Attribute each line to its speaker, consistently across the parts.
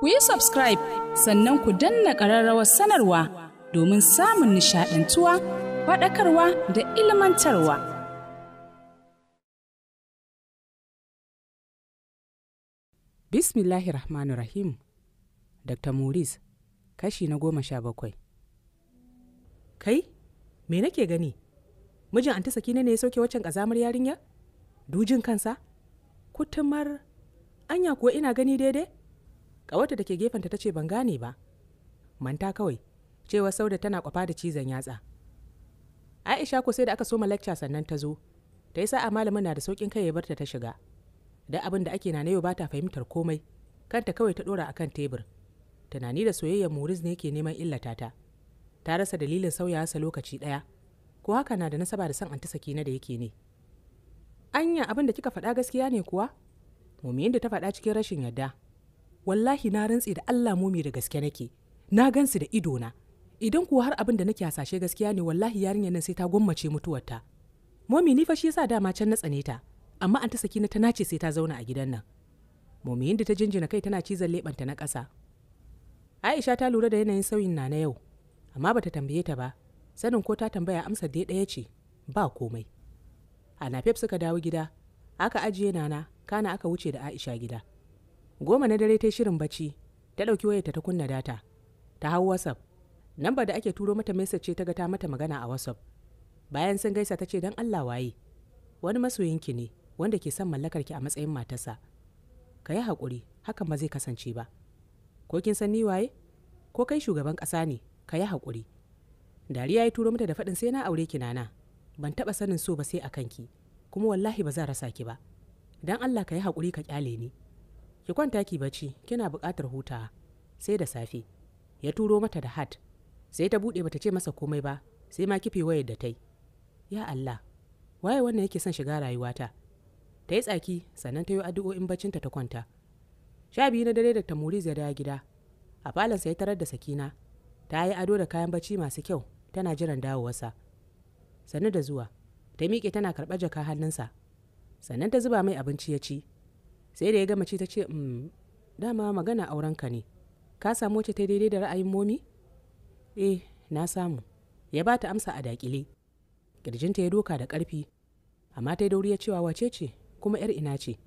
Speaker 1: ku yi subscribe sannan ku danna ƙararrawar sanarwa domin samun nishaɗantuwa faɗakarwa da ilmantarwa. Bismillahir Rahmanir Rahim Dr. Maurice, kashi na goma sha bakwai. Kai, me nake gani? Mijin anti sakina ne ya sauke waccan ƙazamar yarinya? Dujin kansa? Kutumar, anya kuwa ina gani daidai? ƙawarta da ke gefenta ta ce ban gane ba manta kawai cewa sauda tana kwafa da cizon yatsa aisha ko sai da aka soma lecture sannan ta zo ta yi sa'a malamin na da saukin kai ya barta ta shiga da abin da ake na yau ba ta fahimtar komai kanta kawai ta dora akan tebur tunani da soyayyar muris ne ke neman illata ta ta rasa dalilin sauya sa lokaci daya ko haka na da nasaba da san saki na da yake ne anya abin da kika faɗa gaskiya ne kuwa mumiyin da ta faɗa cikin rashin yarda wallahi na rantse da Allah momi da gaske nake na gansu da ido na idan kuwa har abin da nake hasashe gaskiya ne wallahi yarinyar nan sai ta gwammace mutuwarta momi ni fa shi yasa dama can na tsane ta amma an ta saki na ta nace sai ta zauna a gidan nan momi da ta jinjina kai tana cizon leɓanta na ƙasa aisha ta lura da yanayin sauyin na na yau amma bata tambaye ta ba sanin ko ta tambaya amsa dai ɗaya ce ba komai a nafef suka dawo gida aka ajiye nana kana aka wuce da aisha gida goma na dare ta shirin bacci ta ɗauki wayarta ta kunna data ta hau whatsapp namba da ake turo mata message ce ta ga ta mata magana a whatsapp bayan sun gaisa ta ce don allah waye wani masoyinki ne wanda ke son mallakarki a matsayin matarsa ka yi haƙuri hakan ba zai kasance ba ko kin san ni waye ko kai shugaban ƙasa ne ka yi haƙuri dariya ya turo mata da faɗin sai na aure ki nana ban taɓa sanin so ba sai a kanki kuma wallahi ba zan rasa ki ba don allah ka yi haƙuri ka ƙyale ni ki kwanta ki bacci kina buƙatar hutawa sai da safe ya turo mata da hat sai ta buɗe bata ce masa komai ba sai ma kife wayar da tai ya Allah waye wannan yake son shiga rayuwata ta yi tsaki sannan ta yi addu'o'in baccinta ta kwanta sha biyu na dare da tamuriz ya dawo gida a falonsa ya tarar da sakina ta yi ado da kayan bacci masu kyau tana jiran dawowarsa sannu da zuwa ta miƙe tana karɓar jaka hannunsa sannan ta zuba mai abinci ya ci sai da ya gama ce ta ce mm, dama magana auren ka ne ka samu wacce ta daidai da ra'ayin momi eh na samu ya ba ta amsa a dakile kirjinta ya doka da karfi amma ta dauri ya cewa wace ce kuma yar ina ce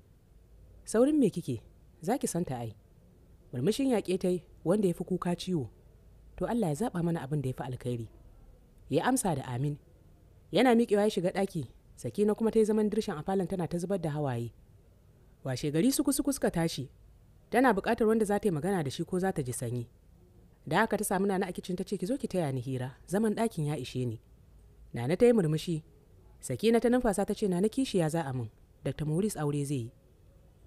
Speaker 1: saurin me kike za ki santa ai murmushin yaƙe ta wanda ya fi kuka ciwo to allah ya zaɓa mana abin da ya fi alkhairi ya amsa da amin yana miƙewa ya shiga ɗaki sakina kuma ta yi zaman dirshan a falon tana ta zubar da hawaye washe gari suku suku suka tashi tana buƙatar wanda za ta yi magana da shi ko za ta ji sanyi da haka ta samu nana a kicin ta ce ki zo ki taya ni hira zaman ɗakin ya ishe ni nana ta yi murmushi sakina ta numfasa ta ce nana kishiya za a min dr maurice aure zai yi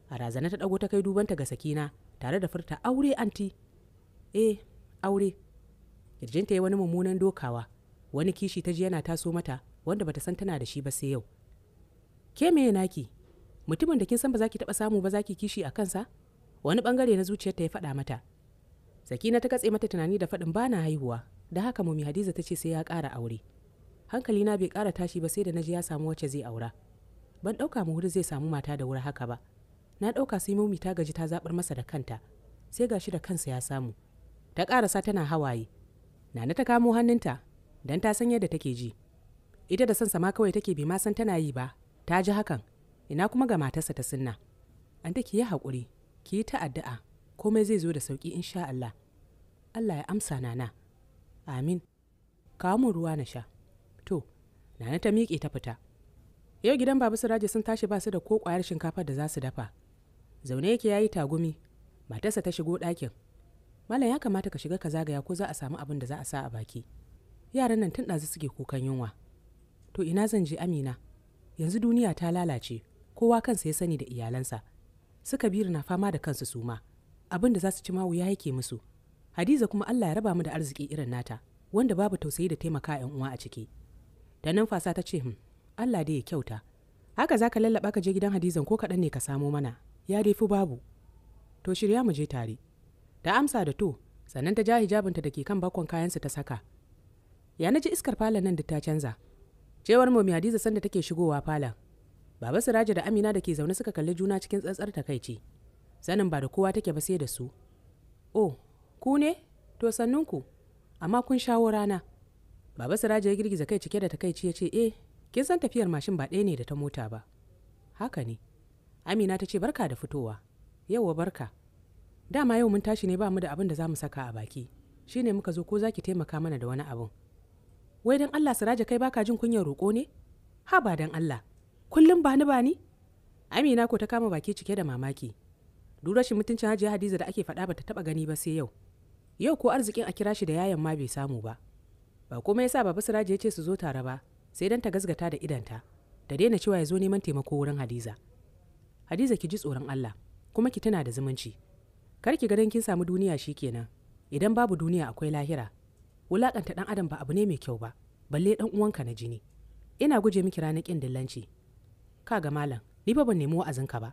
Speaker 1: a razana ta ɗago ta kai dubanta ga sakina tare da furta aure anti eh aure kirjinta ya wani mummunan dokawa wani kishi ta ji yana taso mata wanda bata san tana da shi ba sai yau ke me naki mutumin da kin san ba za ki taɓa samu ba za ki kishi a kansa wani bangare na zuciyarta ya faɗa mata sakina ta katse mata tunani da faɗin bana haihuwa da haka mumi hadiza ta ce sai ya kara aure hankali na bai kara tashi ba sai da naji ya samu wacce zai aura ban ɗauka mu wuri zai samu mata da wuri haka ba na ɗauka sai mumi ta gaji ta zaɓar masa da kanta sai gashi da kansa ya samu ta ƙarasa tana hawaye nana ta kamo hannunta don ta san yadda take ji ita da sansa ma kawai take bi ma san tana yi ba ta ji hakan ina kuma ga matarsa ta sunna an ki yi haƙuri ki yi ta komai zai zo da sauƙi insha Allah Allah ya amsa nana amin kawo mun ruwa na sha to nana ta miƙe ta fita yau gidan baba siraje sun tashi ba su da ko ƙwayar shinkafar da za su dafa zaune yake yi tagumi matarsa ta shigo ɗakin malam ya kamata ka shiga ka zagaya ko za a samu abin da za a sa a baki yaran nan tun ɗazu suke kukan yunwa to ina zan je amina yanzu duniya ta lalace kowa kansa ya sani da iyalansa suka kabiru na fama da kansu suma. ma abin da za su ci ma wuya yake musu hadiza kuma allah ya raba mu da arziki irin nata wanda babu tausayi da taimaka yan uwa a ciki da nan fasa ta ce hmm, allah dai ya kyauta haka za ka lallaba ka je gidan hadizan ko kaɗan ne ka samo mana ya dai fi babu to shirya mu je tare ta amsa da to sannan ta ja hijabinta da ke kan bakon kayansa ta saka ya na ji iskar falon nan da ta canza cewar momi hadiza sanda take shigowa falon baba Siraja da amina da ke zaune suka kalli juna cikin tsantsar takaici sanin ba da kowa take ba sai da su oh ku ne to sannunku amma kun shawo rana baba Siraja ya girgiza kai cike da takaici ya ce eh kin san tafiyar mashin ba ɗaya ne da ta mota ba haka ne amina ta ce barka da fitowa Yawwa barka dama yau mun tashi ne ba mu da abin da za mu saka a baki Shi ne muka zo ko za ki taimaka mana da wani abin wai don allah Siraja kai baka jin kunyar roƙo ne ha ba don allah kullum bani bani amina ko ta kama baki cike da mamaki duk rashin mutuncin hajiya hadiza da ake faɗa ba ta taɓa gani ba sai yau yau ko arzikin a kira shi da yayan ma bai samu ba ba kuma yasa baba siraji ya ce su zo tare ba sai dan ta gazgata da idanta da daina cewa ya zo neman taimako wurin hadiza hadiza ki ji tsoron allah kuma ki tuna da zumunci kar ki ganin kin samu duniya shi kenan idan babu duniya akwai lahira wulakanta dan adam ba abu ne mai kyau ba balle dan uwanka na jini ina guje miki ranakin dillanci Ka ga malam ni ba ban nemi wa'azinka ba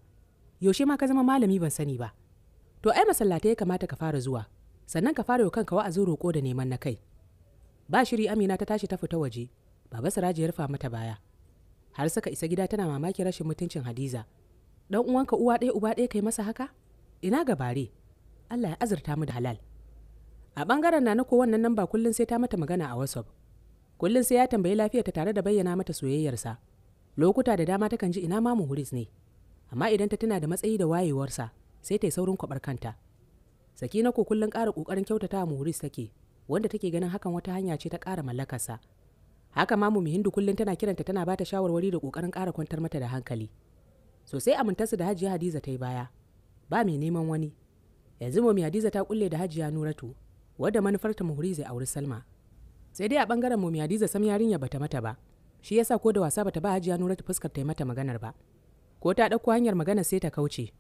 Speaker 1: yaushe ma ka zama malami ban sani ba to ai masallatai ya kamata ka fara zuwa sannan ka fara kanka wa'azin roƙo da neman na kai ba shiri amina ta tashi ta fita waje baba siraji ya rufa mata baya har saka isa gida tana mamaki rashin mutuncin hadiza dan uwanka uwa ɗaya uba ɗaya kai masa haka ina ga bare allah ya azurta mu da halal a ɓangaren na na ko wannan nan ba kullum sai ta mata magana a whatsapp kullum sai ya tambayi lafiyarta tare da bayyana mata soyayyarsa lokuta da dama takan ji ina Mamu Huris ne amma idan ta tana da matsayi da wayewarsa sai ta yi saurin kwabar kanta sakina ko kullum ƙara ƙoƙarin kyautata muhuris take wanda take ganin hakan wata hanya ce ta ƙara mallakarsa haka Mamu mumi hindu kullum tana kiranta tana bata shawarwari da ƙoƙarin ƙara kwantar mata da hankali sosai amintarsu da hajiya hadiza ta yi baya ba mai neman wani yanzu mami hadiza ta kulle da hajiya nuratu wadda manufarta muhuri zai auri salma sai dai a ɓangaren mami hadiza sam yarinya bata mata ba shi yasa ko da wasa bata ba hajiya nura ta fuskar ta mata maganar ba ko ta ɗauko hanyar magana sai ta kauce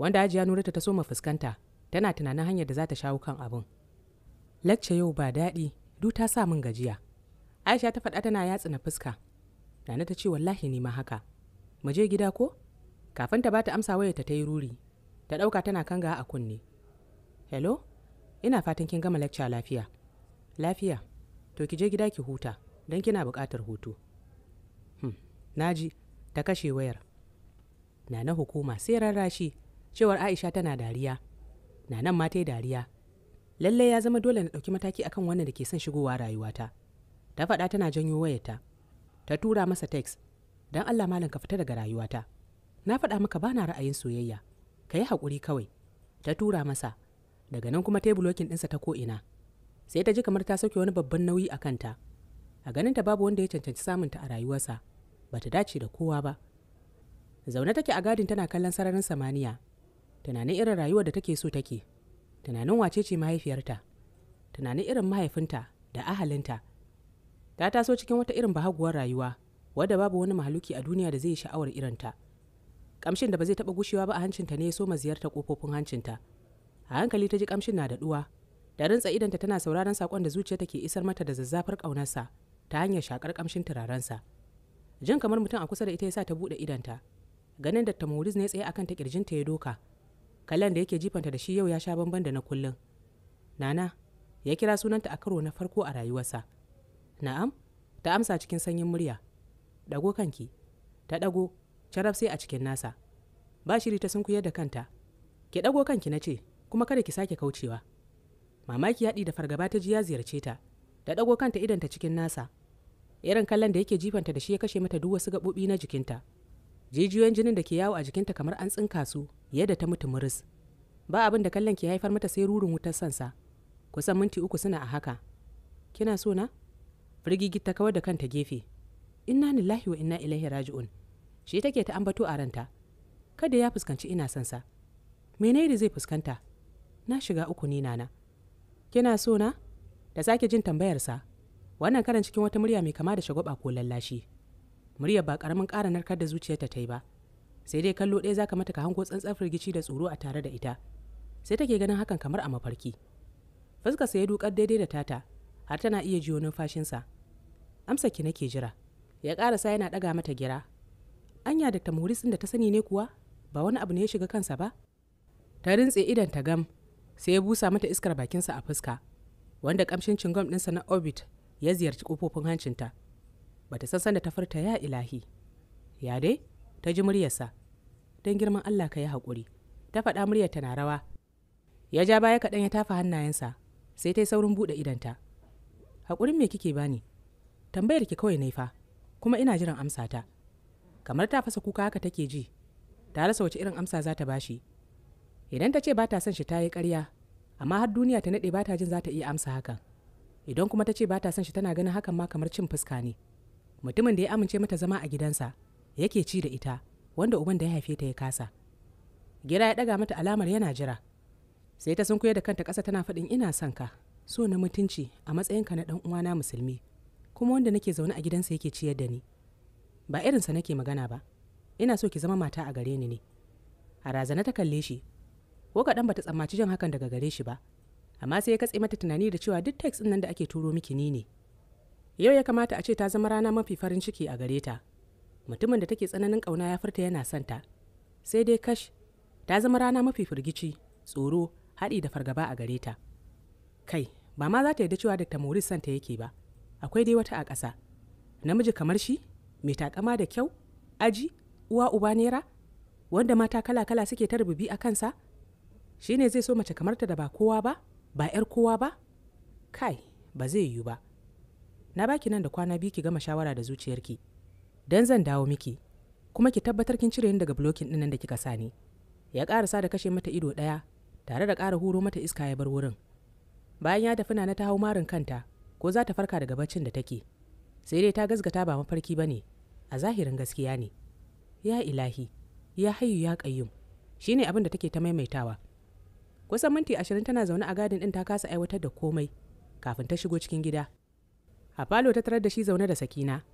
Speaker 1: wanda hajiya nura ta so ma fuskanta tana tunanin hanyar da za ta shawo kan abun lacce yau ba daɗi du ta sa min gajiya aisha ta faɗa tana yatsa na fuska nana ta ce wallahi ne ma haka mu je gida ko kafin ta bata amsa waya ta yi ruri ta ɗauka tana kanga a kunne hello ina fatan kin gama lacca lafiya lafiya to ki je gida ki huta don kina buƙatar hutu naji ta kashe wayar na na hukuma sai rarrashi cewar aisha tana dariya na nan ma ta dariya lallai ya zama dole na ɗauki mataki akan wannan da ke son shigowa rayuwata ta faɗa tana janyo wayarta ta tura masa text don allah malam ka fita daga rayuwata na faɗa maka ba na ra'ayin soyayya ka yi haƙuri kawai ta tura masa daga nan kuma ta yi bulokin ɗinsa ta ko'ina sai ta ji kamar ta sauke wani babban nauyi a kanta a ganin ta babu wanda ya cancanci samunta a rayuwarsa ba ta dace da kowa ba zaune take a gadin tana kallon sararin samaniya tunanin irin rayuwar da take so take tunanin wace ce mahaifiyarta tunanin irin mahaifinta da ahalinta ta taso cikin wata irin bahaguwar rayuwa wadda babu wani mahaluki a duniya da zai sha'awar irinta kamshin da ba zai taba gushewa ba a hancinta ne ya soma ziyarta kofofin hancinta a hankali ta ji kamshin na daɗuwa da rintsa idanta tana sauraron sakon da zuciya ke isar mata da zazzafar ƙaunarsa ta hanyar shakar kamshin turarensa. jin kamar mutum a kusa da ita ya sa ta buɗe idanta ganin da tamuris ne tsaye akan ta kirjinta ya doka kallon da yake jifanta da shi yau ya sha bamban da na kullum nana ya kira sunanta a karo na farko a rayuwarsa na'am ta amsa cikin sanyin murya dago kanki ta dago carab sai a cikin nasa ba shiri ta sunkuyar da kanta ki dago kanki na ce kuma kada ki sake kaucewa mamaki yaɗi da fargaba ta ji ya ziyarce ta ta dago kanta idanta cikin nasa irin kallon da yake jifanta da shi ya kashe mata duk wasu gaɓoɓi na jikinta jijiyoyin jinin da ke yawo a jikinta kamar an tsinka su yadda ta mutu muris ba abin da kallon ke haifar mata sai rurin wutar sansa kusan minti uku suna a haka kina so na firgigit ta kawar da kanta gefe inna lillahi wa inna ilaihi raji'un shi take ta ambato a ranta kada ya fuskanci ina sansa mene da zai fuskanta na shiga uku ni nana kina so na da sake jin tambayarsa wannan karan cikin wata murya mai kama da shagwaba ko lallashi murya ba karamin ƙara narkar da zuciyarta ta yi ba sai dai kallo ɗaya zaka mata ka hango tsantsar firgici da tsoro a tare da ita sai take ganin hakan kamar a mafarki sa ya dukar daidai da tata har tana iya jiyo numfashinsa amsa ki nake jira ya sa yana ɗaga mata gira anya da ta murisin da ta sani ne kuwa ba wani abu ne ya shiga kansa ba ta rintse idan ta gam sai ya busa mata iskar bakinsa a fuska wanda kamshin cingom ɗinsa na orbit ya ziyarci kofofin hancinta Ba ta san sanda ta furta ya ilahi ya dai ta ji muryarsa don girman allah ka yi haƙuri ta faɗa muryar na rawa ya ja baya kaɗan ya tafa hannayensa sai ta yi saurin buɗe idanta haƙurin me kike bani tambayar ki kawai naifa kuma ina jiran amsa ta kamar ta fasa kuka haka take ji ta rasa wace irin amsa za ta bashi idan ta ce ba ta son shi ta yi karya, amma har duniya ta naɗe ba ta jin za ta iya amsa hakan idan kuma ta ce ba ta son shi tana ganin hakan ma kamar cin fuska ne mutumin da ya amince mata zama a gidansa yake ci da ita wanda uban da ya haife ta ya kasa gira ya daga mata alamar yana jira sai ta sunkuye da kanta ƙasa tana faɗin ina son ka so na mutunci a matsayinka na ɗan uwana musulmi kuma wanda nake zaune a gidansa yake ciyar da ni ba irinsa nake magana ba ina so ki zama mata a gare ni ne a razana ta kalle shi ko kaɗan bata tsammaci jan hakan daga gare shi ba amma sai ya katse mata tunani da cewa duk text nan da ake turo miki ni ne yau ya kamata a ce ta zama rana mafi farin ciki a gare ta mutumin da take tsananin kauna ya furta yana son ta sai dai kash ta zama rana mafi firgici tsoro haɗi da fargaba a gare ta kai ba ma za ta yarda cewa Dr. Morris son ta yake ba akwai dai wata a ƙasa namiji kamar shi mai takama da kyau aji uwa uba nera wanda mata kala-kala suke ta rububi a kansa shi ne zai so mace kamar ta da ba kowa ba ba 'yar kowa ba kai ba zai yiwu ba na baki nan da kwana biyu ki gama shawara da zuciyarki dan zan dawo miki kuma ki tabbatar kin cire ni daga blokin ɗin nan da kika sa ni ya ƙarasa da kashe mata ido ɗaya tare da ƙara huro mata iska ya bar wurin bayan ya tafi na ta hau marin kanta ko za ta farka daga baccin da take sai dai ta gazgata ba mafarki ba ne a zahirin gaskiya ne ya ilahi ya hayu ya ƙayyum shine abin da take ta maimaitawa kusan minti ashirin tana zaune a gadin din ta kasa aiwatar da komai kafin ta shigo cikin gida a falo ta tarar da shi zaune da sakina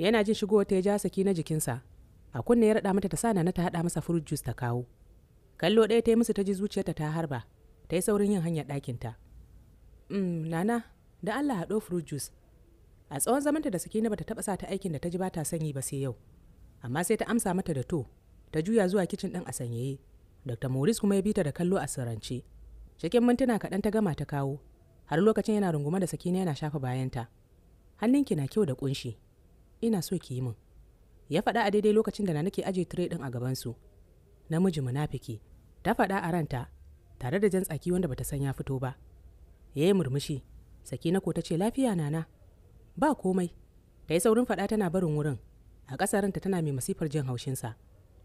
Speaker 1: yana jin shigo ta ya ja sakina jikinsa a kunne ya raɗa mata ta sa na ta haɗa masa fruit juice ta kawo kallo ɗaya ta yi musu ta ji zuciyarta ta harba ta yi saurin yin hanyar ɗakinta mm, nana da allah haɗo fruit juice a tsawon zamanta da sakina bata taɓa sa ta aikin da ta ji ba ta sanyi ba sai yau amma sai ta amsa mata da to ta juya zuwa kicin ɗin a sanyaye dr morris kuma ya bi ta da kallo a sirrance cikin mintuna kaɗan ta gama ta kawo har lokacin yana runguma da sakina yana shafa bayanta hannunki na kyau da kunshi ina so ki yi min ya faɗa a daidai lokacin da na nake aje tire ɗin a gabansu namiji munafiki ta faɗa a ranta tare da jan tsaki wanda bata san ya fito ba ya yi murmushi sakina ko ta ce lafiya nana ba komai ta yi saurin faɗa tana barin wurin a ƙasarinta tana mai masifar jin haushinsa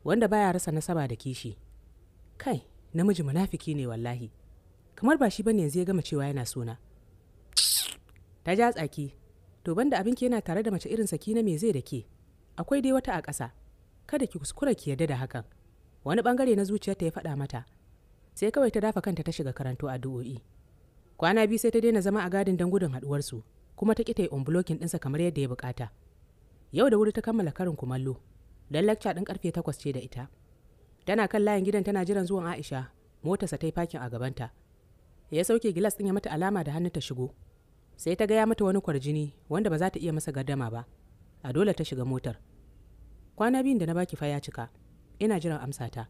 Speaker 1: wanda baya rasa nasaba da kishi kai namiji munafiki ne wallahi kamar ba shi bane yanzu ya gama cewa yana sona ta ja tsaki to banda abin ke yana tare da mace irin na me zai da ke akwai dai wata a ƙasa kada ki kuskura ki yarda da hakan wani bangare na zuciyarta ya faɗa mata sai kawai ta dafa kanta ta shiga karanto du'o'i. kwana biyu sai ta daina zama a gadin don gudun haɗuwarsu kuma ta ƙi ta yi unblocking ɗinsa kamar yadda ya bukata yau da wuri ta kammala karin kumallo don lacca ɗin ƙarfe takwas ce da ita tana kan layin gidan tana jiran zuwan aisha motarsa ta yi fakin a gabanta ya sauke gilas ɗin ya mata alama da hannu ta shigo sai ta gaya mata wani kwarjini wanda ba za ta iya masa gardama ba a dole ta shiga motar kwana biyun da na baki fa ya cika ina jiran amsa ta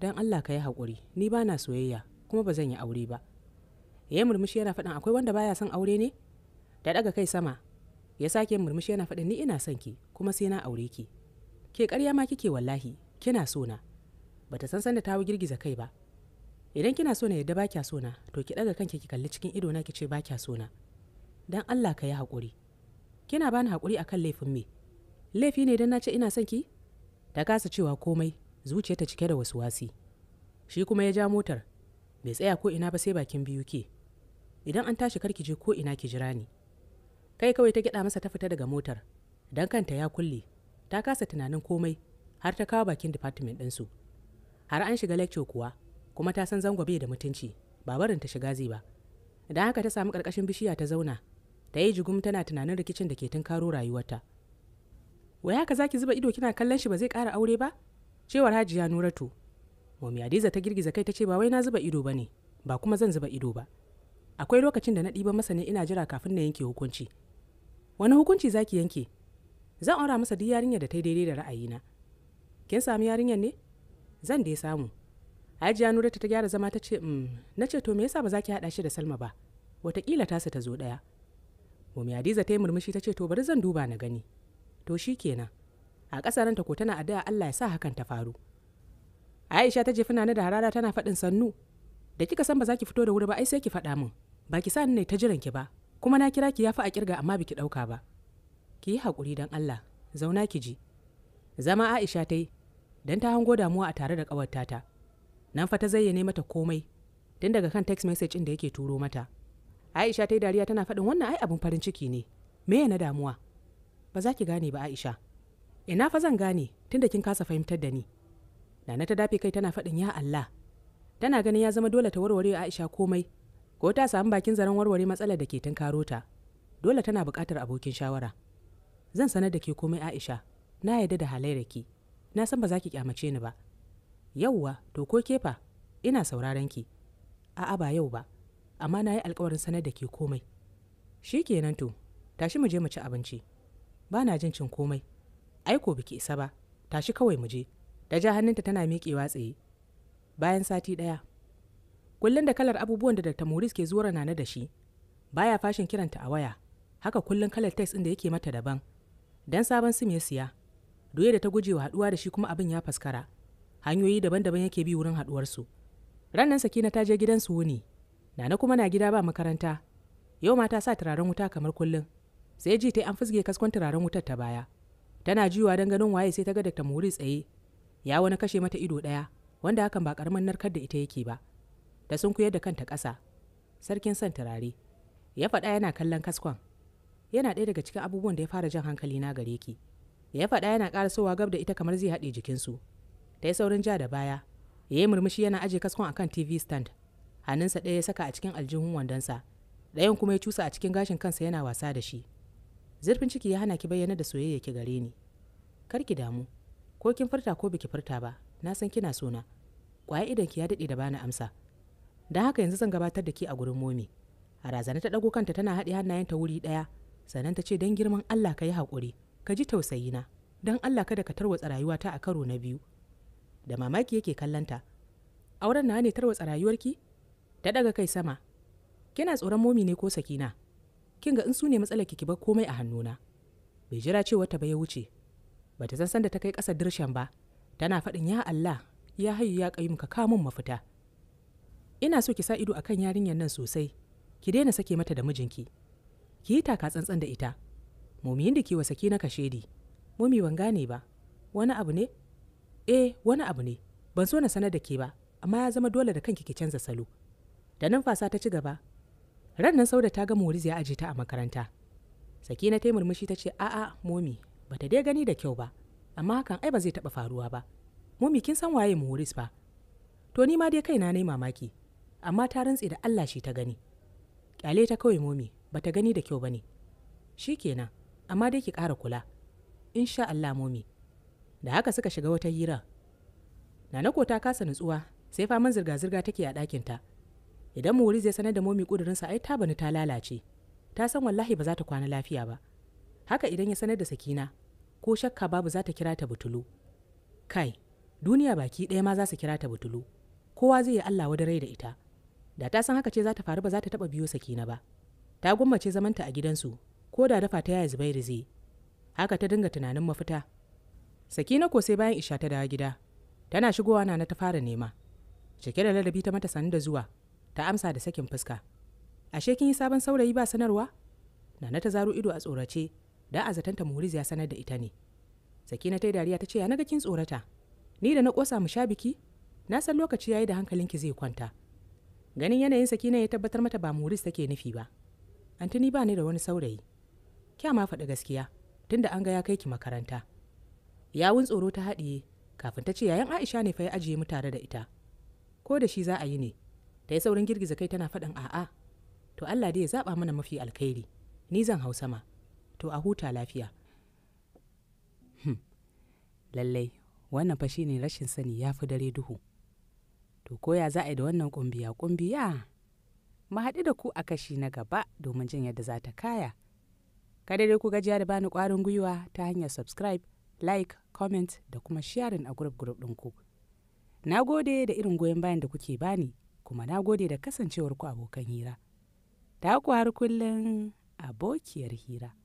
Speaker 1: don allah ka yi haƙuri ni ba na soyayya kuma ba zan yi aure ba ya yi murmushi yana faɗin akwai wanda baya son aure ne ta ɗaga kai sama ya sake murmushi yana faɗin ni ina son ki kuma sai na aure ki ke ƙarya ma kike wallahi kina so na bata san sanda ta girgiza kai ba idan kina so na yadda ba kya so na to ki daga kanki ki kalli cikin ido na ki ce ba kya so na dan Allah ka yi hakuri kina bani hakuri akan laifin me laifi ne dan na ce ina son ki ta kasa cewa komai Zuciya ta cike da wasu wasi shi kuma ya ja motar bai tsaya ko ina ba sai bakin biyu ke idan an tashi karki je ko ina ki jira ni kai kawai ta gyada masa ta fita daga motar dan kanta ya kulle ta kasa tunanin komai har ta kawo bakin department ɗinsu. su har an shiga lecture kuwa kuma ta san zango bai da mutunci ba barin ta shiga zai ba Idan haka ta samu ƙarƙashin bishiya ta zauna ta yi jigum tana tunanin rikicin da ke tunkaro rayuwarta wai haka zaki zuba ido kina kallon shi ba zai ƙara aure ba cewar hajiya nuratu mami adiza ta girgiza kai ta ce ba wai na zuba ido ba ne ba kuma zan zuba ido ba akwai lokacin da na ɗiba masa ne ina jira kafin na yanke hukunci wani hukunci zaki yanke zan aura masa duk yarinyar da ta daidai da ra'ayina kin sami yarinyar ne zan dai samu hajiya nura ta gyara zama ta ce mm, na ce to me yasa ba za ki haɗa shi da salma ba watakila tasa ta zo ɗaya mumi hadiza ta yi murmushi ta ce to bari zan duba na gani to shi kenan a ƙasaranta ko tana addu'a Allah ya sa hakan ta faru Aisha ta jefi na da harara tana faɗin sannu da kika san ba za ki fito da wuri ba ai sai ki faɗa min ba ki sa ni ne ta jiran ki ba kuma na kira ki ya fi a kirga amma biki ɗauka ba ki yi hakuri don Allah zauna ki ji zama Aisha ta yi don ta hango damuwa a tare da kawar tata nan fa ta zayyane mata komai tun daga kan text message da yake turo mata aisha ta yi dariya tana faɗin wannan ai abin farin ciki ne me na damuwa ba za ki gane ba aisha ina fa zan gane tun da kin kasa fahimtar da ni nana ta dafe kai tana faɗin ya allah tana ganin ya zama dole ta warware aisha komai ko ta samu bakin zaren warware matsalar da ke tunkaro ta dole tana buƙatar abokin shawara zan sanar da ke komai aisha na yarda da halayyar ki na san ba za ki kyamace ni ba yauwa to ko kefa ina sauraron ki a'a ba yau ba amma na yi alkawarin sanar da ke komai shi kenan to tashi mu je mu ci abinci ba na jin cin komai aiko biki isa ba tashi kawai mu je da ja hannunta tana miƙewa tsaye bayan sati ɗaya kullum da kalar abubuwan da dr Maurice ke zuwa na da shi baya fashin kiranta a waya haka kullum kalar text ɗin da yake mata daban dan sabon sim ya siya doye da ta guje wa haduwa da shi kuma abin ya faskara hanyoyi daban-daban yake bi wurin haduwarsu ranar sakina ta je gidan su wuni nana kuma na gida ba makaranta yau ma ta sa turaren wuta kamar kullum sai ji ta an fusge kaskon turaren wutar ta baya tana jiwa don ganin waye sai ta ga da tamuri tsaye ya wani kashe mata ido ɗaya wanda hakan ba karamin narkar da ita yake ba Ta sun da kanta ƙasa sarkin son turare ya faɗa yana kallon kaskon yana ɗaya daga cikin abubuwan da ya fara jan hankali na gare ki ya faɗa yana ƙara sowa gab da ita kamar zai haɗe jikinsu ta yi saurin ja da baya ya yi murmushi yana aje kaskon akan tv stand hannunsa ɗaya ya saka a cikin aljihun wandonsa ɗayan kuma ya cusa a cikin gashin kansa yana wasa da shi zurfin ciki ya hana ki bayyana da soyayya ki gare ni kar ki damu ko kin furta ko biki furta ba na san kina sona ƙwaya idan ki ya daɗe da bani amsa don haka yanzu zan gabatar da ki a gurin momi a razana ta ɗago kanta tana haɗe hannayenta wuri ɗaya sannan ta ce don girman allah ka yi haƙuri ka ji tausayi na, don allah kada ka tarwatsa rayuwata a karo na biyu da mamaki yake kallanta auren na ne tarwatsa rayuwarki ta daga kai sama kina tsoron momi ne ko sakina kin ga in su ne matsalar ki bar komai a hannuna bai jira cewa ta baya ya wuce bata san sanda ta kai ƙasa dirshan ba tana faɗin ya allah ya hayu ya mu ka kamun mafita ina so ki sa ido akan yarinyar nan sosai ki daina sake mata da mijinki ki yi taka tsantsan da ita momiyin da ke wa saki na kashedi momi ban gane ba wani abu ne eh wani abu ne ban so na sanar da ke ba amma ya zama dole da kanki ki canza salo da nan fasa ta ci gaba ran nan sauda ta ga moriz ya aje ta a makaranta sakina ta murmushi ta ce a'a momi ta dai gani da kyau ba amma hakan ai ba zai taba faruwa ba momi kin san waye moriz ba to ni ma dai kaina nayi mamaki amma ta rantse da Allah shi ta gani kyale ta kawai momi ta gani da kyau bane shikenan amma dai ki ƙara kula insha Allah momi da haka suka shiga wata hira nanako ta kasa nutsuwa sai faman zirga-zirga take a ta idan muri zai sanar da momi ƙudurinsa ai ta bani ta lalace ta san wallahi ba za ta kwana lafiya ba haka idan ya sanar da sakina ko shakka babu za ta kira ta butulu kai duniya baki ɗaya ma za su kira ta butulu kowa zai yi allah wa rai da ita da ta san haka ce za ta faru ba za ta taɓa biyo sakina ba ta gwammace zamanta a gidansu ko da dafa ta yaya zubairu zai haka ta dinga tunanin mafita sakina ko sai bayan isha ta dawo gida tana shigowa nana ta fara nema cike da ladabi ta mata sanu da zuwa ta amsa da sakin fuska ashe kin yi sabon saurayi ba sanarwa nana ta zaro ido a tsorace da a zatanta muhriz ya sanar da ita ne sakina ta yi dariya ta ce ya naga kin tsorata ni da na kosa mu sha biki na san lokaci ya yi da hankalinki zai kwanta ganin yanayin sakina ya tabbatar mata ba muhriz take nufi ba antini ba ni da wani saurayi kya ma faɗi gaskiya tunda an ga ya kai ki makaranta yawun tsoro ta haɗiye kafin ta ce yayan aisha ne fa ya ajiye mu tare da ita ko da shi za a yi ne ta yi saurin girgiza kai tana faɗin a'a to allah dai ya zaɓa mana mafi alkhairi ni zan hau sama to a huta lafiya hmm. lallai wannan fa shine rashin sani ya fi dare duhu to koya za a yi da wannan kumbiya kumbiya mu haɗu da ku a kashi na gaba domin jin yadda za ta kaya kada dai ku gajiya da bani kwarin gwiwa ta hanyar subscribe like comment da kuma sharing a group group ɗinku na gode da irin goyon bayan da kuke bani kuma na gode da ku abokan hira ta ku har kullum abokiyar hira